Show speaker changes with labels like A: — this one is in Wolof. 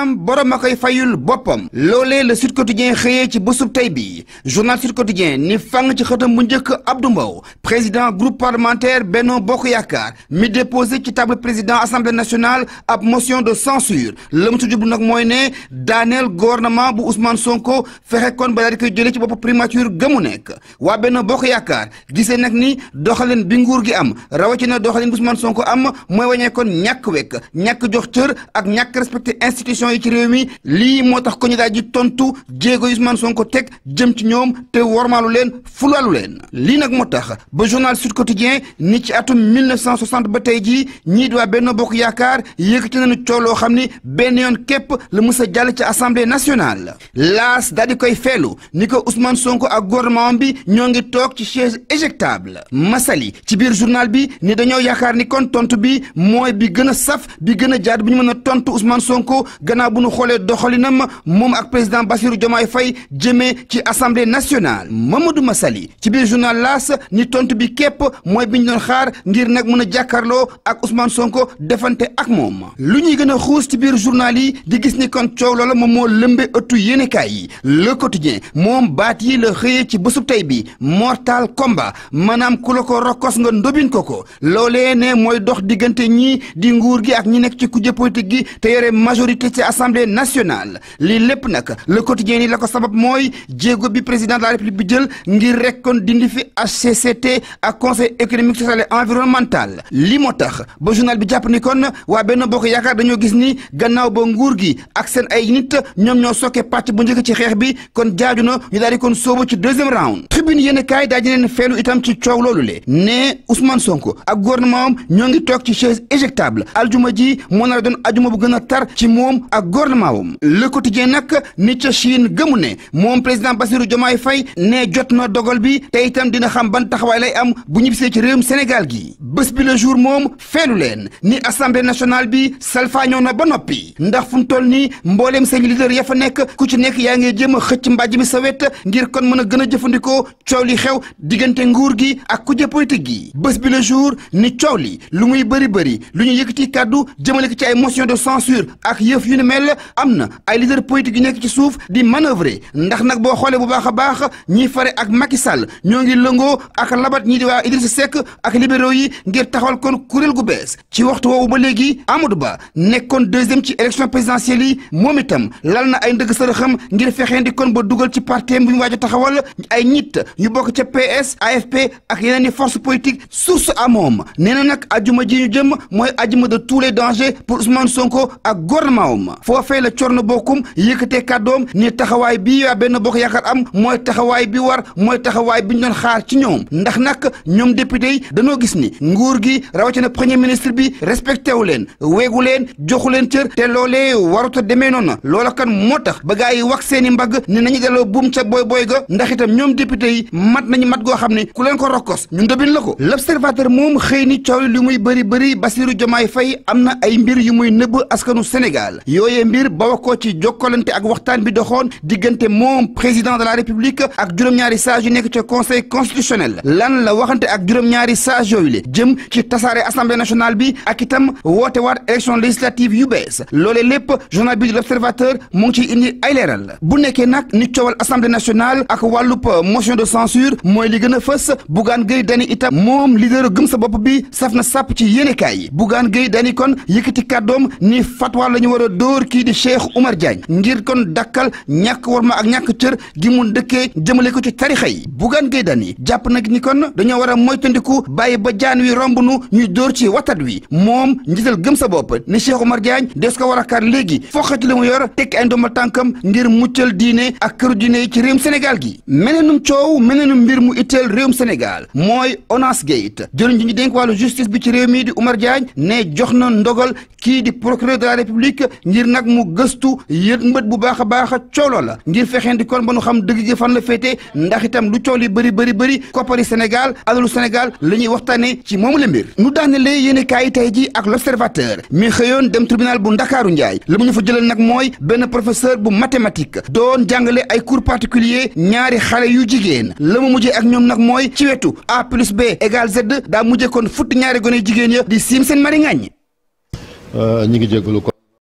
A: am borom a koy fayul boppam loolee le Sud xëyee ci bésub tey bi journal Sud ni fang ci xëtam bu njëkk Abdou Mbow président groupe parlementaire Benno Bokk Yaakaar mi déposé ci table président assemblée nationale ab motion de censure la mu si jublu nag mooy ne daaneel gouvernement bu Ousmane Sonko fexe kon ba daal koy jëlee ci bopp primature gëmu nekk waa Benno Bokk Yaakaar gisee nag ni doxalin bi nguur gi am rawatina doxalin bu Ousmane Sonko am mooy wañee ak ñàkk respecté élection yi ci réew mi lii moo tax ko candidat ji tontu jéego Ousmane Sonko teg jëm ci ñoom te wormaalu leen fulaalu leen lii nag moo tax ba journal Sud Quotidien ni ci atum 1960 ba tey jii ñii di waa Benno Bokk Yaakaar yëkkati nañu coow loo xam ni benn yoon képp la mës a jàll ci assemblée nationale laas daal di koy feelu ni ko usmaan Sonko ak gouvernement bi ñoo ngi toog ci chaise éjectable Massaly ci biir journal bi ni dañoo yaakaar ni kon tontu bi mooy bi gën a saf bi gën a jaad bi ñu mën a tontu Ousmane Sonko gannaaw bu ñu xoolee doxalinam moom ak président Bassirou Diomaye Faye jëmee ci assemblée nationale Mamadou Massali ci biir journal L'As ni tontu bi képp mooy bi ñu doon xaar ngir nag mën a jàkkaarloo ak Ousmane Sonko defante ak moom lu ñuy gën a xuus ci biir journal yi di gis ni kon coow loola moom moo lëmbe ëttu yéenekaay yi Le Quotidien moom baat yi la xëyee ci bésub tey bi mortal combat maanaam ku la ko rokkos nga ndobin ko ko loolee ne mooy dox diggante ñii di nguur ci assemblée nationale li lépp nag le quotidien yi la ko sabab mooy jéego bi président de la république bi jël ngir rek kon dindi fi a HCCT ak conseil économique social et environnemental li moo tax ba journal bi jàpp ni kon waa benn bokk yaakaar dañoo gis ni gannaaw ba nguur gi ak seen ay nit ñoom ñoo sokke pàcc bu njëkk ci xeex bi kon jaaju na ñu daal kon soobu ci deuxième round tribune yéen kaay daa jineen feelu itam ci coow loolu le ne Ousmane Sonko ak gouvernement ñoo ngi toog ci chaise éjectable aljuma ji moo nar a bu gën a tar ci moom ak gouvernement wum le quotidien nag ni ca Chine gëmu ne moom président Bassirou Diomaye fay ne jot na dogal bi te itam dina xam ban taxawaay lay am bu ñibbisee ci réewum Sénégal gi bés bi le jour moom feelu leen ni assemblée nationale bi salfaañoo na ba noppi ndax fu mu toll nii mbooleem seen leader ya fa nekk ku ci nekk yaa ngi jëm a xëcc mbàjj bi sa ngir kon mën a gën a jëfandikoo coow li xew diggante nguur gi ak kuje politique gi bés bi le jour ni coow li lu muy bëri bëri lu ñu yëkkati kàddu jëmale ko ci ay motion de censure ak ni mel am na ay leader politique yu nekk ci suuf di manœuvrer ndax nag boo xoolee bu baax a baax ñiy fare ak Macky Sall ñoo ngi lëngoo ak labat ñi di waa Idrissa Seck ak libéraux yi ngir taxawal kon kuréel gu bees ci waxtu woowu ba léegi Amadou Ba nekkoon deuxième ci élection présidentielle yi moom itam lal na ay ndëgg sërëxam ngir fexeen di kon ba dugal ci parteem bu ñu waaj a taxawal ay ñitt yu bokk ca PS AFP ak yeneen i force politique source a moom nee na nag ajuma ji ñu mooy ajuma de tous les dangers pour Ousmane Sonko ak gouvernement am ma foofee la corno bokkum yëkkatee kàddoom ni taxawaay bi waa benn bokk yaakaar am mooy taxawaay bi war mooy taxawaay bi ñu doon xaar ci ñoom ndax nag ñoom député yi danoo gis ni nguur gi rawatina premier ministre bi respecté wu leen weegu leen joxu leen cër te loolee waruta demee noonu loola kan moo tax ba gaa yi wax seeni i mbagg ni nañu delloo buum ca boy booy ga ndax itam ñoom député yi mat nañu mat goo xam ne ku leen ko rokkos ñu ndobin la ko l'observateur moom xëy ni coow li muy bëri bëri Bassirou Diomaye Faye am na ay mbir yu muy nëbb askanu Sénégal yooyee mbir bawa ko ci jokkalante ak waxtaan bi doxoon diggante moom président de la république ak juróom-ñaari sages yu nekk ca conseil constitutionnel lan la waxante ak juróom-ñaari sages le jëm ci tasaare assemblée nationale bi ak itam woote waat élection législative yu bees loolee lépp journal bi di l'observateur mu ngi ciy indi ay bu nekkee nag ni coowal assemblée nationale ak wàllub motion de censure mooy li gën a fës Bougane Gueye Dany itam sa bopp bi saf na sàpp ci yi Bougane Gueye Dany kon yëkkati kàddoom ni fatwa dóor kii di Cheikh Oumar Diagne ngir kon dakkal ñàkk ma ak ñàkk cër gi mu dëkkee jëmale ko ci tarixa yi Bougane Gueye Dany jàpp nag ni kon dañoo war a moytandiku bàyyi ba jaan wi romb nu ñu dóor ci watat wi moom njiital gëm sa bopp ni Cheikh Oumar Diagne des ko war a kar léegi foqati li mu yor tekki ay ndombal tànkam ngir muccal diine ak këru diine yi ci réewum Sénégal gi meneenum coow meneenum mbir mu itteel réewum Sénégal mooy ONAS Gate jëriñ ji ñu dénk wàllu justice bi ci réew mi di Oumar Diagne ne jox na ngir nag mu gëstu yët mbët bu baax a baax a coolo la ngir fexeenti kon ba nu xam dëgg gi fan la féete ndax lu cool yi bëri bëri bëri koppari Sénégal alalu Sénégal la ñuy waxtaanee ci moomu la mbir nu daanelee yéene kaay yi tey ji ak l'observateur mi xëyoon dem tribunal bu Ndakaaru Njaay la mu ñu fa jëlal nag mooy benn professeur bu mathématique doon jàngale ay cours particulier ñaari xale yu jigéen la mu mujjee ak ñoom nag mooy ci wetu a plus b égal z daa mujjee kon futti ñaari gone jigéen ya di siim seen mari ngàññ euh, ñi ngi jégalu